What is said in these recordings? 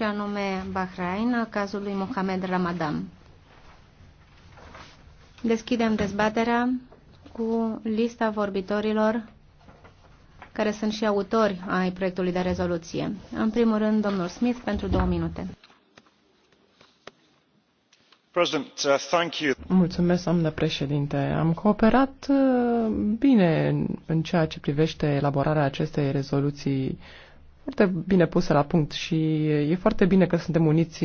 și anume Bahrain, cazul lui Mohamed Ramadan. Deschidem dezbaterea cu lista vorbitorilor care sunt și autori ai proiectului de rezoluție. În primul rând, domnul Smith, pentru două minute. Uh, Mulțumesc, domnule președinte. Am cooperat uh, bine în ceea ce privește elaborarea acestei rezoluții foarte bine pusă la punct și e foarte bine că suntem uniți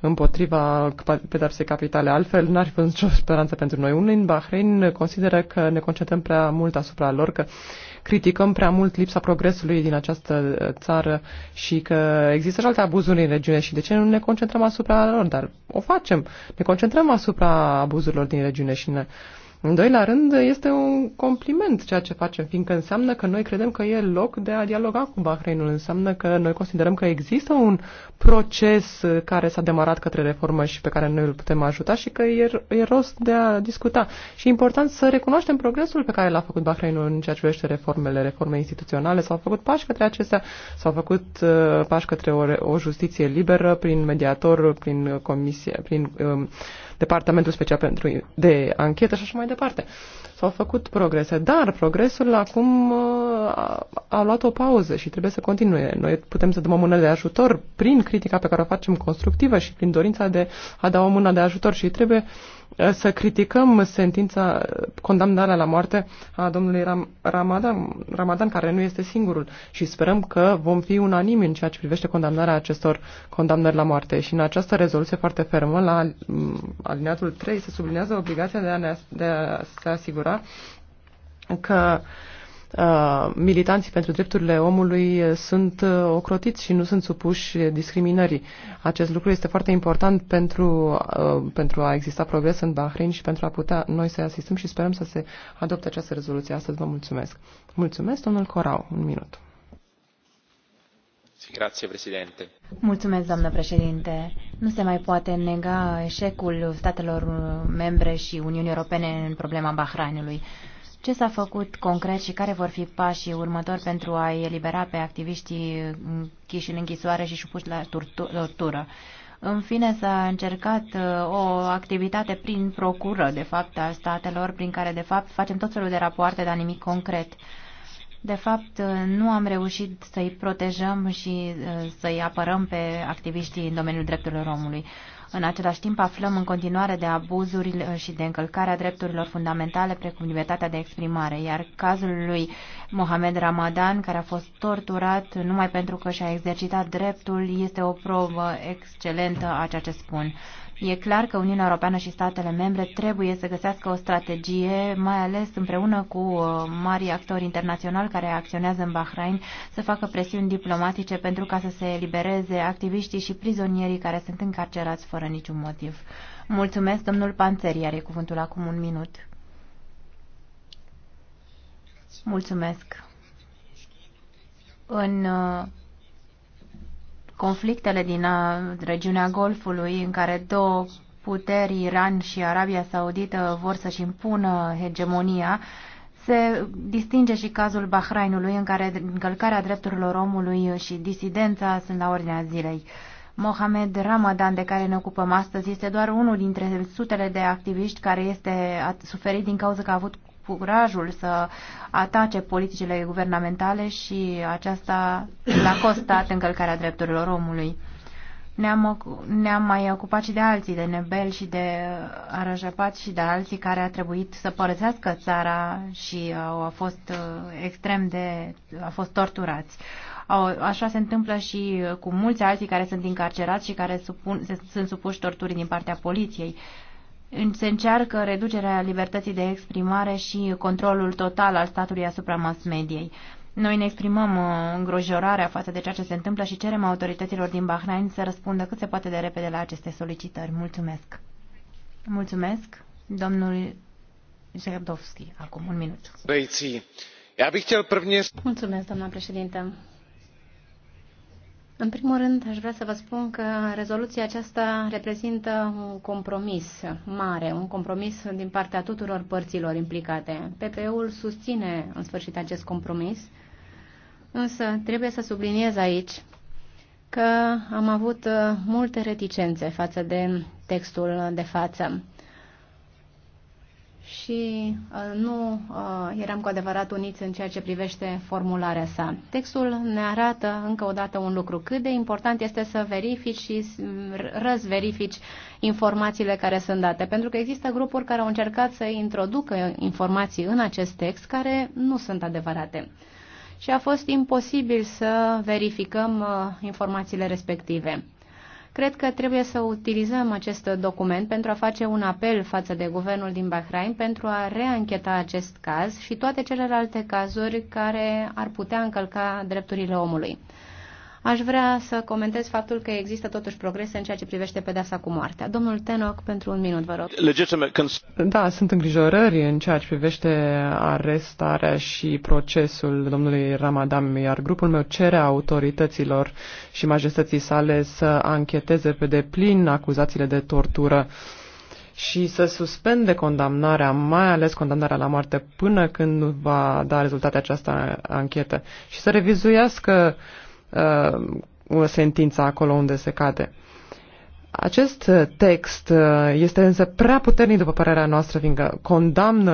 împotriva pedapsei capitale. Altfel, n-ar fi nicio speranță pentru noi. Unii în Bahrain consideră că ne concentrăm prea mult asupra lor, că criticăm prea mult lipsa progresului din această uh, țară și că există și alte abuzuri în regiune și de ce nu ne concentrăm asupra lor, dar o facem. Ne concentrăm asupra abuzurilor din regiune și ne, uh, în doilea rând, este un compliment ceea ce facem, fiindcă înseamnă că noi credem că e loc de a dialoga cu Bahreinul, înseamnă că noi considerăm că există un proces care s-a demarat către reformă și pe care noi îl putem ajuta și că e, e rost de a discuta. Și e important să recunoaștem progresul pe care l-a făcut Bahreinul în ceea ce privește reformele, reforme instituționale, s-au făcut pași către acestea, s-au făcut uh, pași către o, o justiție liberă prin mediator, prin comisie, prin... Uh, um, Departamentul Special pentru, de Anchetă și așa mai departe. S-au făcut progrese, dar progresul acum a, uh, a luat o pauză și trebuie să continue. Noi putem să dăm o mână de ajutor prin critica pe care o facem constructivă și prin dorința de a da o mână de ajutor și trebuie uh, să criticăm sentința, condamnarea la moarte a domnului Ram, Ramadan, Ramadan, care nu este singurul și sperăm că vom fi unanimi în ceea ce privește condamnarea acestor condamnări la moarte și în această rezoluție foarte fermă la mm, alineatul 3 se sublinează obligația de a, ne, de a se asigura că uh, militanții pentru drepturile omului sunt uh, ocrotiți și nu sunt supuși discriminării. Acest lucru este foarte important pentru, uh, pentru a exista progres în Bahrain și pentru a putea noi să asistăm și sperăm să se adopte această rezoluție. Astăzi vă mulțumesc. Mulțumesc, domnul Corau. Un minut. Mulțumesc, doamnă președinte. Nu se mai poate nega eșecul statelor membre și Uniunii Europene în problema Bahrainului. Ce s-a făcut concret și care vor fi pașii următori pentru a elibera pe activiștii închiși în închisoare și supuși la tortură? În fine, s-a încercat uh, o activitate prin procură, de fapt, a statelor, prin care, de fapt, facem tot felul de rapoarte, dar nimic concret. De fapt, nu am reușit să-i protejăm și uh, să-i apărăm pe activiștii în domeniul drepturilor omului. În același timp, aflăm în continuare de abuzuri uh, și de încălcarea drepturilor fundamentale, precum libertatea de exprimare, iar cazul lui Mohamed Ramadan, care a fost torturat numai pentru că și-a exercitat dreptul, este o probă excelentă a ceea ce spun. E clar că Uniunea Europeană și statele membre trebuie să găsească o strategie, mai ales împreună cu uh, mari actori internaționali care acționează în Bahrain, să facă presiuni diplomatice pentru ca să se elibereze activiștii și prizonierii care sunt încarcerați fără niciun motiv. Mulțumesc, domnul Panțeri are cuvântul acum un minut. Mulțumesc. În uh, conflictele din uh, regiunea Golfului, în care două puteri, Iran și Arabia Saudită, vor să-și impună hegemonia, se distinge și cazul Bahrainului, în care încălcarea drepturilor omului și disidența sunt la ordinea zilei. Mohamed Ramadan, de care ne ocupăm astăzi, este doar unul dintre sutele de activiști care este suferit din cauza că a avut curajul să atace politicile guvernamentale și aceasta l-a costat încălcarea drepturilor omului. Ne-am, ne-am mai ocupat și de alții, de Nebel și de Arăjăpat și de alții care a trebuit să părăsească țara și au a fost uh, extrem de... a fost torturați. Au, așa se întâmplă și cu mulți alții care sunt incarcerați și care supun, se, sunt supuși torturii din partea poliției. Uh, se încearcă reducerea libertății de exprimare și controlul total al statului asupra mass mediei. Noi ne exprimăm îngrojorarea față de ceea ce se întâmplă și cerem autorităților din Bahrain să răspundă cât se poate de repede la aceste solicitări. Mulțumesc. Mulțumesc. Domnul Zerdovski, acum un minut. Mulțumesc, doamna președintă în primul rând, aș vrea să vă spun că rezoluția aceasta reprezintă un compromis mare, un compromis din partea tuturor părților implicate. PPE-ul susține în sfârșit acest compromis, însă trebuie să subliniez aici că am avut uh, multe reticențe față de textul de față și uh, nu uh, eram cu adevărat uniți în ceea ce privește formularea sa. Textul ne arată încă o dată un lucru, cât de important este să verifici și răzverifici informațiile care sunt date, pentru că există grupuri care au încercat să introducă informații în acest text care nu sunt adevărate. Și a fost imposibil să verificăm uh, informațiile respective. Cred că trebuie să utilizăm acest document pentru a face un apel față de guvernul din Bahrain pentru a reancheta acest caz și toate celelalte cazuri care ar putea încălca drepturile omului. Aș vrea să comentez faptul că există totuși progrese în ceea ce privește pedeapsa cu moartea. Domnul Tenoc, pentru un minut, vă rog. Da, sunt îngrijorări în ceea ce privește arestarea și procesul domnului Ramadan, iar grupul meu cere autorităților și majestății sale să ancheteze pe deplin acuzațiile de tortură și să suspende condamnarea, mai ales condamnarea la moarte, până când va da rezultate această anchetă și să revizuiască uh, uh, sentința acolo unde se cade. Acest uh, text uh, este însă prea puternic, după părerea noastră, fiindcă condamnă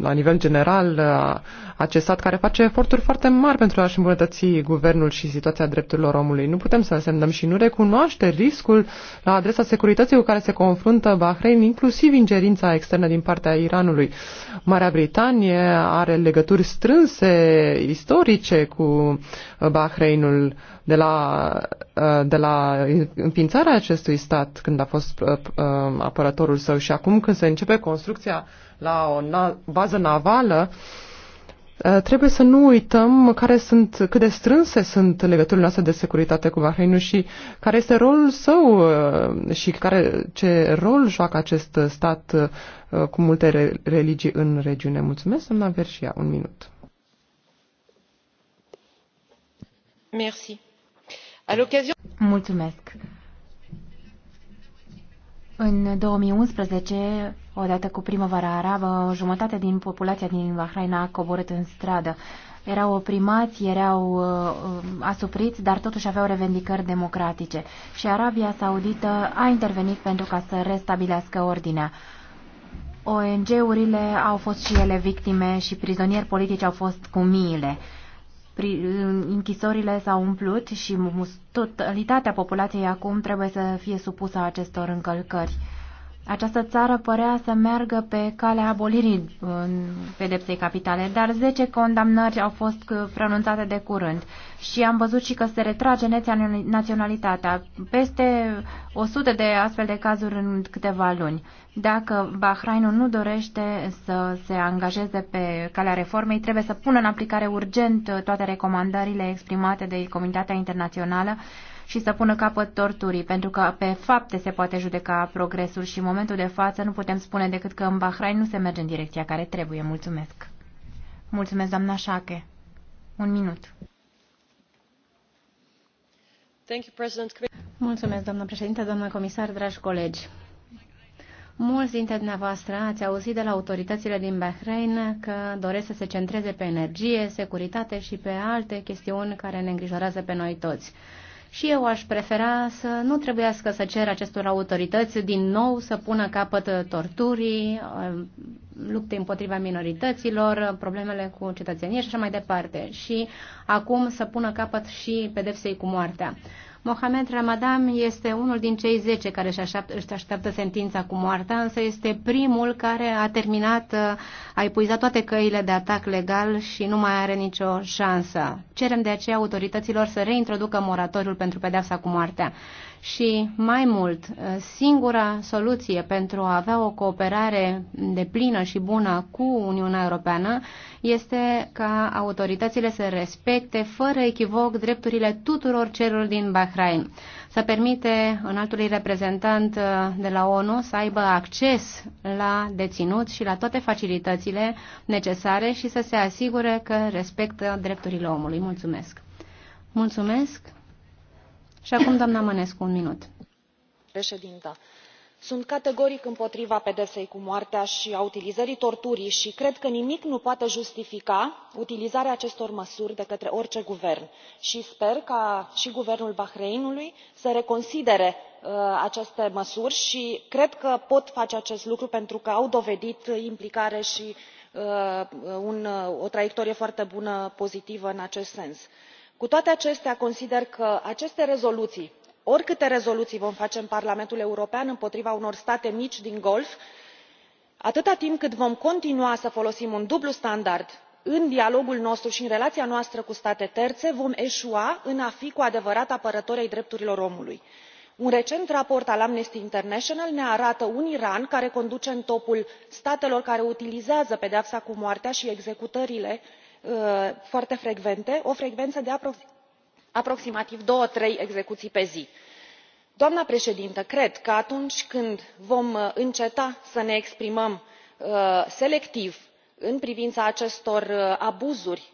la nivel general uh, acest stat care face eforturi foarte mari pentru a-și îmbunătăți guvernul și situația drepturilor omului. Nu putem să semnăm și nu recunoaște riscul la adresa securității cu care se confruntă Bahrain, inclusiv ingerința externă din partea Iranului. Marea Britanie are legături strânse istorice cu Bahreinul de la, de la înființarea acestui acestui stat când a fost uh, uh, apărătorul său și acum când se începe construcția la o na- bază navală, uh, trebuie să nu uităm care sunt, cât de strânse sunt legăturile noastre de securitate cu Bahrainul și care este rolul său și care, ce rol joacă acest stat cu multe religii în regiune. Mulțumesc, doamna Verșia, un minut. Merci. Mulțumesc. În 2011, odată cu primăvara arabă, o jumătate din populația din Bahrain a coborât în stradă. Erau oprimați, erau uh, uh, asupriți, dar totuși aveau revendicări democratice. Și Arabia Saudită a intervenit pentru ca să restabilească ordinea. ONG-urile au fost și ele victime și prizonieri politici au fost cu miile. Uh, închisorile s-au umplut și totalitatea populației acum trebuie să fie supusă acestor încălcări. Această țară părea să meargă pe calea abolirii pedepsei capitale, dar 10 condamnări au fost pronunțate de curând și am văzut și că se retrage naționalitatea. Peste 100 de astfel de cazuri în câteva luni. Dacă Bahrainul nu dorește să se angajeze pe calea reformei, trebuie să pună în aplicare urgent toate recomandările exprimate de comunitatea internațională și să pună capăt torturii, pentru că pe fapte se poate judeca progresul și în momentul de față nu putem spune decât că în Bahrain nu se merge în direcția care trebuie. Mulțumesc! Mulțumesc, doamna Șache. Un minut. Mulțumesc, doamnă președinte, doamnă comisar, dragi colegi. Mulți dintre dumneavoastră ați auzit de la autoritățile din Bahrain că doresc să se centreze pe energie, securitate și pe alte chestiuni care ne îngrijorează pe noi toți și eu aș prefera să nu trebuiască să cer acestor autorități din nou să pună capăt torturii, uh, lupte împotriva minorităților, problemele cu cetățenie și așa mai departe. Și acum să pună capăt și pedepsei cu moartea. Mohamed Ramadan este unul din cei 10 care își așteaptă, își așteaptă sentința cu moartea, însă este primul care a terminat, uh, a epuizat toate căile de atac legal și nu mai are nicio șansă. Cerem de aceea autorităților să reintroducă moratoriul pentru pedeapsa cu moartea și mai mult, singura soluție pentru a avea o cooperare de plină și bună cu Uniunea Europeană este ca autoritățile să respecte fără echivoc drepturile tuturor celor din Bahrain. Să permite înaltului reprezentant uh, de la ONU să aibă acces la deținut și la toate facilitățile necesare și să se asigure că respectă drepturile omului. Mulțumesc! Mulțumesc! Și acum, doamna Mănescu, un minut. Președintă, sunt categoric împotriva pedepsei cu moartea și a utilizării torturii și cred că nimic nu poate justifica utilizarea acestor măsuri de către orice guvern și sper ca și guvernul bahreinului să reconsidere uh, aceste măsuri și cred că pot face acest lucru pentru că au dovedit implicare și uh, un, uh, o traiectorie foarte bună pozitivă în acest sens cu toate acestea consider că aceste rezoluții oricâte rezoluții vom face în parlamentul european împotriva unor state mici din golf atâta timp cât vom continua să folosim un dublu standard în dialogul nostru și în relația noastră cu state terțe vom eșua în a fi cu adevărat apărători ai drepturilor omului. un recent raport al amnesty international ne arată un iran care conduce în topul statelor care utilizează pedeapsa cu moartea și executările Uh, foarte frecvente o frecvență de aproximativ două trei execuții pe zi. doamnă președintă cred că atunci când vom uh, înceta să ne exprimăm uh, selectiv în privința acestor abuzuri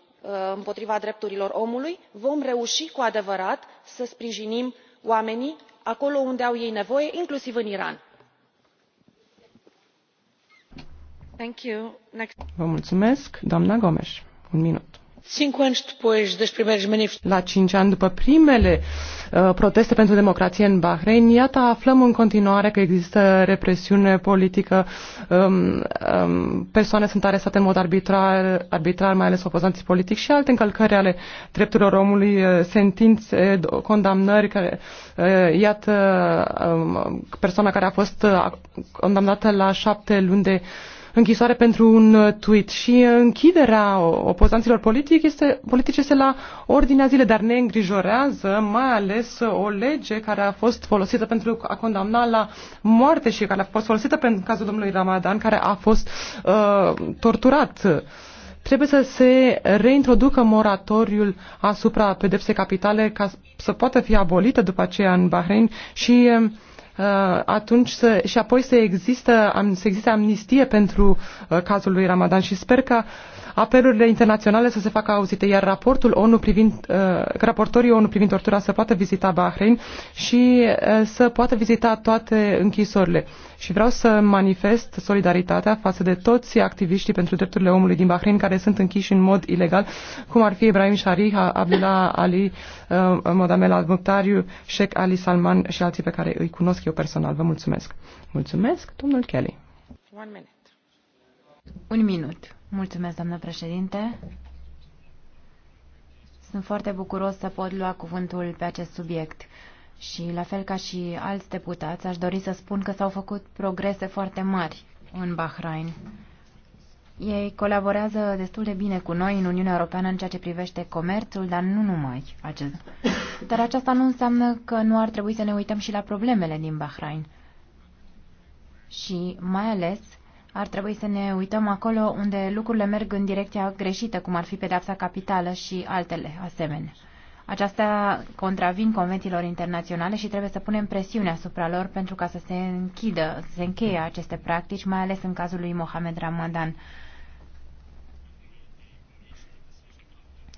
împotriva drepturilor omului vom reuși cu adevărat să sprijinim oamenii acolo unde au ei nevoie inclusiv în iran. mulțumesc, Gomes. Un minut. La cinci ani după primele uh, proteste pentru democrație în Bahrain, iată, aflăm în continuare că există represiune politică, um, um, persoane sunt arestate în mod arbitrar, arbitrar, mai ales opozanții politici și alte încălcări ale drepturilor omului, uh, sentințe, condamnări, care, uh, iată, um, persoana care a fost uh, condamnată la șapte luni de uh, închisoare pentru un uh, tweet și uh, închiderea opozanților politici este, politici este la ordinea zile, dar ne îngrijorează mai ales uh, o lege care a fost folosită pentru a condamna la moarte și care a fost folosită pentru cazul domnului Ramadan, care a fost uh, torturat trebuie să se reintroducă moratoriul asupra pedepsei capitale ca să poată fi abolită după aceea în Bahrain și Uh, atunci să, și apoi să există, să existe amnistie pentru uh, cazul lui Ramadan și sper că uh, apelurile internaționale să se facă auzite, iar raportul ONU privind, uh, raportorii ONU privind tortura să poată vizita Bahrain și uh, să poată vizita toate închisorile. Și vreau să manifest solidaritatea față de toți activiștii pentru drepturile omului din Bahrain care sunt închiși în mod ilegal, cum ar fi Ibrahim Shari, Abdullah Ali, uh, Modamel al Sheikh Ali Salman și alții pe care îi cunosc eu personal. Vă mulțumesc. Mulțumesc, domnul Kelly. One minute. Un minut. Mulțumesc, doamnă președinte. Sunt foarte bucuros să pot lua cuvântul pe acest subiect. Și, la fel ca și alți deputați, aș dori să spun că s-au făcut progrese foarte mari în Bahrain. Ei colaborează destul de bine cu noi în Uniunea Europeană în ceea ce privește comerțul, dar nu numai acest. Dar aceasta nu înseamnă că nu ar trebui să ne uităm și la problemele din Bahrain. Și mai ales ar trebui să ne uităm acolo unde lucrurile merg în direcția greșită, cum ar fi pedapsa capitală și altele asemenea. Acestea contravin convențiilor internaționale și trebuie să punem presiune asupra lor pentru ca să se închidă, să se încheie aceste practici, mai ales în cazul lui Mohamed Ramadan.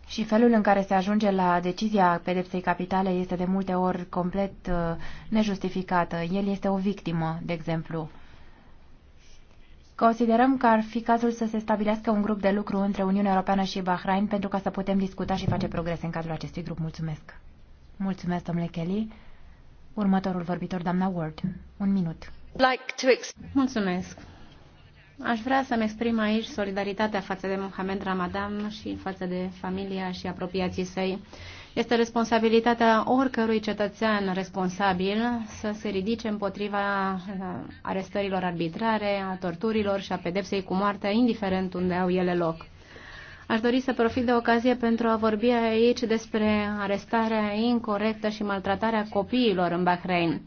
Și felul în care se ajunge la decizia pedepsei capitale este de multe ori complet uh, nejustificată. El este o victimă, de exemplu. Considerăm că ar fi cazul să se stabilească un grup de lucru între Uniunea Europeană și Bahrain pentru ca să putem discuta și face progrese în cadrul acestui grup. Mulțumesc! Mulțumesc, domnule Kelly. Următorul vorbitor, doamna Ward. Un minut. Like Mulțumesc. Aș vrea să-mi exprim aici solidaritatea față de Mohamed Ramadan și față de familia și apropiații săi este responsabilitatea oricărui cetățean responsabil să se ridice împotriva uh, arestărilor arbitrare, a torturilor și a pedepsei cu moartea, indiferent unde au ele loc. Aș dori să profit de ocazie pentru a vorbi aici despre arestarea incorrectă și maltratarea copiilor în Bahrain.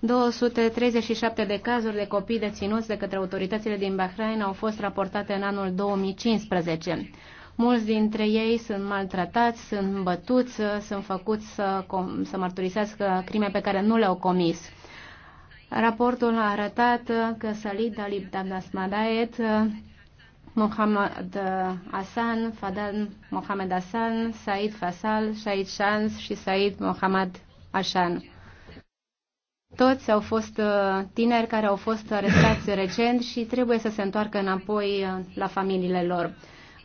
237 de cazuri de copii deținuți de către autoritățile din Bahrain au fost raportate în anul 2015. Mulți dintre ei sunt maltratați, sunt bătuți, sunt făcuți să, să mărturisească crime pe care nu le-au comis. Raportul a arătat că Salid Dalib Dabdasmadaet, Mohamed Hassan, Fadan Mohamed Hassan, Said Fasal, Said Shans și Said Mohamed Hassan. Toți au fost tineri care au fost arestați recent și trebuie să se întoarcă înapoi la familiile lor.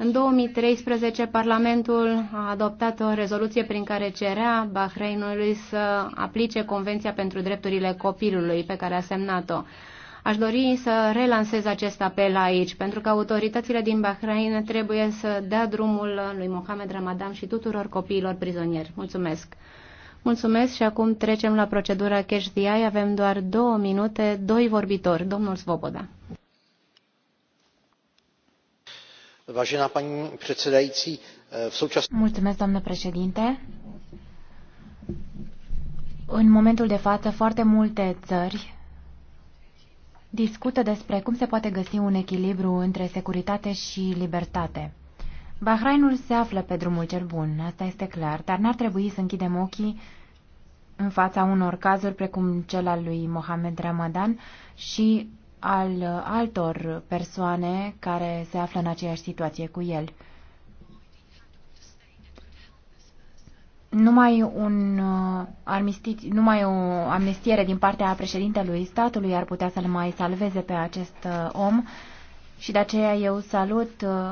În 2013, Parlamentul a adoptat o rezoluție prin care cerea Bahreinului să aplice Convenția pentru Drepturile Copilului pe care a semnat-o. Aș dori să relansez acest apel aici, pentru că autoritățile din Bahrain trebuie să dea drumul lui Mohamed Ramadan și tuturor copiilor prizonieri. Mulțumesc! Mulțumesc și acum trecem la procedura Cash DI. Avem doar două minute, doi vorbitori. Domnul Svoboda. Eh, doamnă președinte. În momentul de față, foarte multe țări discută despre cum se poate găsi un echilibru între securitate și libertate. Bahrainul se află pe drumul cel bun, asta este clar, dar n-ar trebui să închidem ochii în fața unor cazuri precum cel al lui Mohamed Ramadan și al altor persoane care se află în aceeași situație cu el. Numai, un uh, armistit, numai o amnistiere din partea președintelui statului ar putea să-l mai salveze pe acest uh, om și de aceea eu salut uh,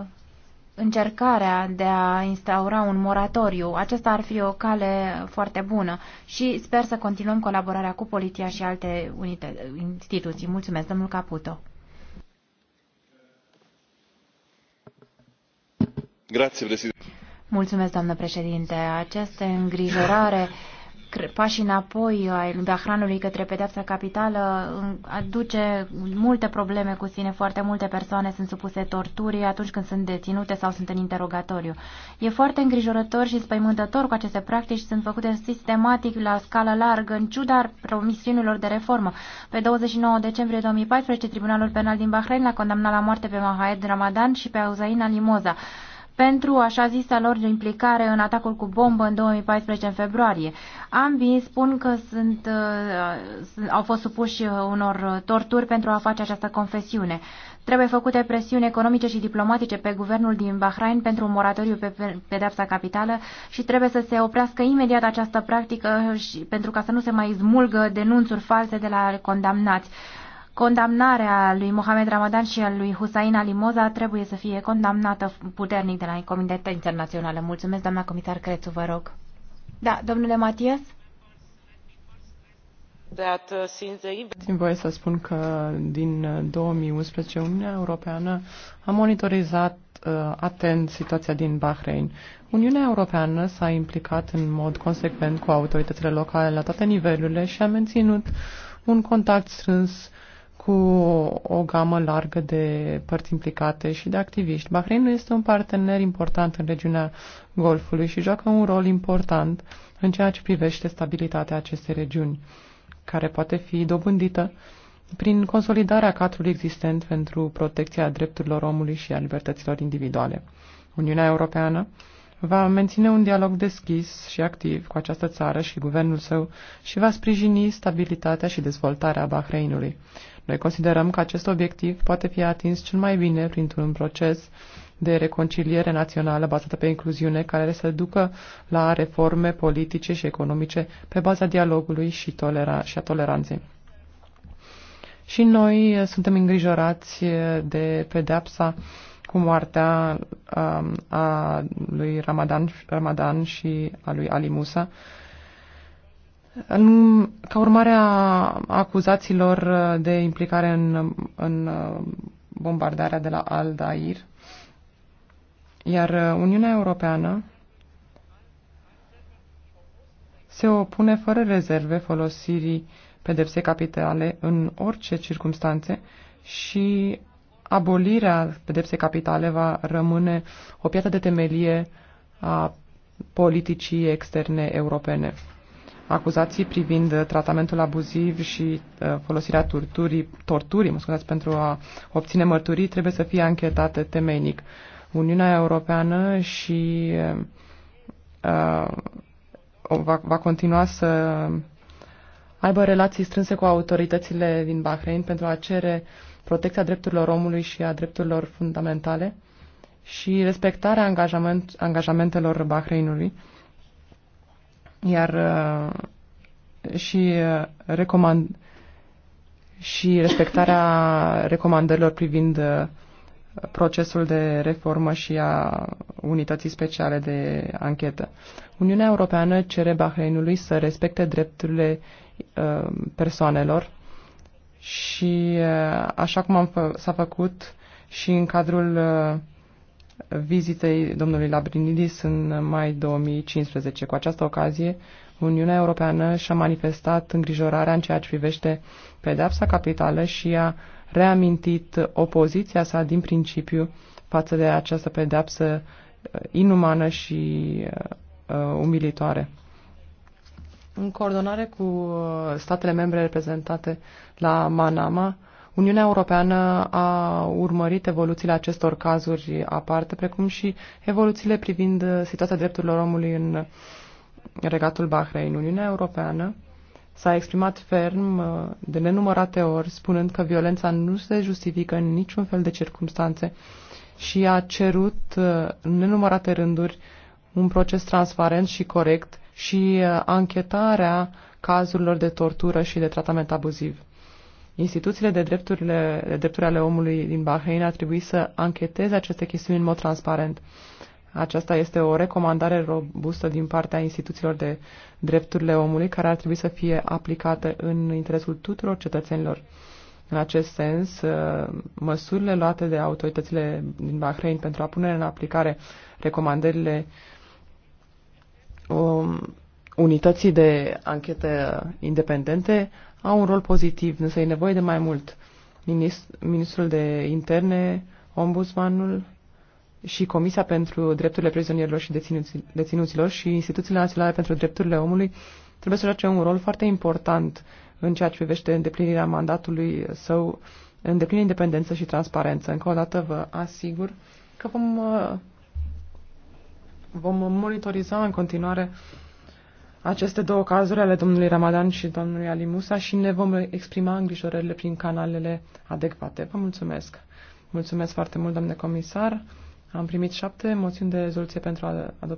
încercarea de a instaura un moratoriu. acesta ar fi o cale foarte bună și sper să continuăm colaborarea cu poliția și alte unite, instituții. Mulțumesc, domnul Caputo. Grazie, Mulțumesc, doamnă președinte. Această îngrijorare pași înapoi ai Bahranului către pedeapsa capitală aduce multe probleme cu sine. Foarte multe persoane sunt supuse torturii atunci când sunt deținute sau sunt în interogatoriu. E foarte îngrijorător și spăimântător cu aceste practici sunt făcute sistematic la scală largă, în ciuda promisiunilor de reformă. Pe 29 decembrie 2014, Tribunalul Penal din Bahrain l-a condamnat la moarte pe Mahaed Ramadan și pe Auzaina Limoza pentru așa zisa lor implicare în atacul cu bombă în 2014 în februarie. Ambii spun că sunt, uh, au fost supuși uh, unor uh, torturi pentru a face această confesiune. Trebuie făcute presiuni economice și diplomatice pe guvernul din Bahrain pentru un moratoriu pe pedepsa capitală și trebuie să se oprească imediat această practică și, pentru ca să nu se mai zmulgă denunțuri false de la condamnați. Condamnarea lui Mohamed Ramadan și a lui Hussein Ali Moza trebuie să fie condamnată puternic de la Comitetul Internațională. Mulțumesc, doamna comisar Crețu, vă rog. Da, domnule Matias? Din voie să spun că din 2011 uh, Uniunea Europeană a monitorizat uh, atent situația din Bahrain. Uniunea Europeană s-a implicat în mod consecvent cu autoritățile locale la toate nivelurile și a menținut un contact strâns uh, cu o gamă largă de părți implicate și de activiști. Bahrainul este un partener important în regiunea Golfului și joacă un rol important în ceea ce privește stabilitatea acestei regiuni, care poate fi dobândită prin consolidarea cadrului existent pentru protecția drepturilor omului și a libertăților individuale. Uniunea Europeană va menține un dialog deschis și activ cu această țară și guvernul său și va sprijini stabilitatea și dezvoltarea Bahreinului. Noi considerăm că acest obiectiv poate fi atins cel mai bine printr-un proces de reconciliere națională bazată pe incluziune care să ducă la reforme politice și economice pe baza dialogului și, tolera- și a toleranței. Și noi suntem îngrijorați de pedepsa cu moartea um, a lui Ramadan, Ramadan și a lui Ali Musa. În, ca urmare a acuzațiilor de implicare în, în uh, bombardarea de la Al-Dair, iar Uniunea Europeană se opune fără rezerve folosirii pedepsei capitale în orice circunstanțe și abolirea pedepsei capitale va rămâne o piatră de temelie a politicii externe europene. Acuzații privind uh, tratamentul abuziv și uh, folosirea torturii, torturii mă scuzați, pentru a obține mărturii trebuie să fie anchetate temeinic. Uniunea Europeană și uh, uh va, va continua să aibă relații strânse cu autoritățile din Bahrain pentru a cere uh, protecția drepturilor omului și a drepturilor fundamentale și respectarea angajament, angajamentelor Bahreinului, iar uh, și uh, recomand și respectarea recomandărilor privind uh, procesul de reformă și a unității speciale de anchetă. Uniunea Europeană cere Bahreinului să respecte drepturile persoanelor și uh, așa cum am fă, s-a făcut și în cadrul uh, vizitei domnului Labrinidis în mai 2015. Cu această ocazie, Uniunea Europeană și-a manifestat îngrijorarea în ceea ce privește pedepsa capitală și a reamintit opoziția sa din principiu față de această pedepsă uh, inumană și uh, umilitoare. În coordonare cu uh, statele membre reprezentate la Manama, Uniunea Europeană a urmărit evoluțiile acestor cazuri aparte, precum și evoluțiile privind uh, situația drepturilor omului în regatul Bahrein. Uniunea Europeană s-a exprimat ferm uh, de nenumărate ori, spunând că violența nu se justifică în niciun fel de circunstanțe și a cerut în nenumărate rânduri un proces transparent și corect și uh, anchetarea cazurilor de tortură și de tratament abuziv. Instituțiile de, drepturile, de drepturi ale omului din Bahrain ar trebui să ancheteze aceste chestiuni în mod transparent. Aceasta este o recomandare robustă din partea instituțiilor de drepturile omului care ar trebui să fie aplicată în interesul tuturor cetățenilor. În acest sens, uh, măsurile luate de autoritățile din Bahrain pentru a pune în aplicare recomandările um, unității de anchete independente au un rol pozitiv, însă e nevoie de mai mult. Ministrul de Interne, Ombudsmanul și Comisia pentru Drepturile Prizonierilor și Deținuților și Instituțiile Naționale pentru Drepturile Omului trebuie să joace un rol foarte important în ceea ce privește îndeplinirea mandatului său, îndeplinirea independență și transparență. Încă o dată vă asigur că vom uh, Vom monitoriza în continuare aceste două cazuri ale domnului Ramadan și domnului Ali Musa și ne vom exprima îngrijorările prin canalele adecvate. Vă mulțumesc! Mulțumesc foarte mult, domnule comisar! Am primit șapte moțiuni de rezoluție pentru adoptare.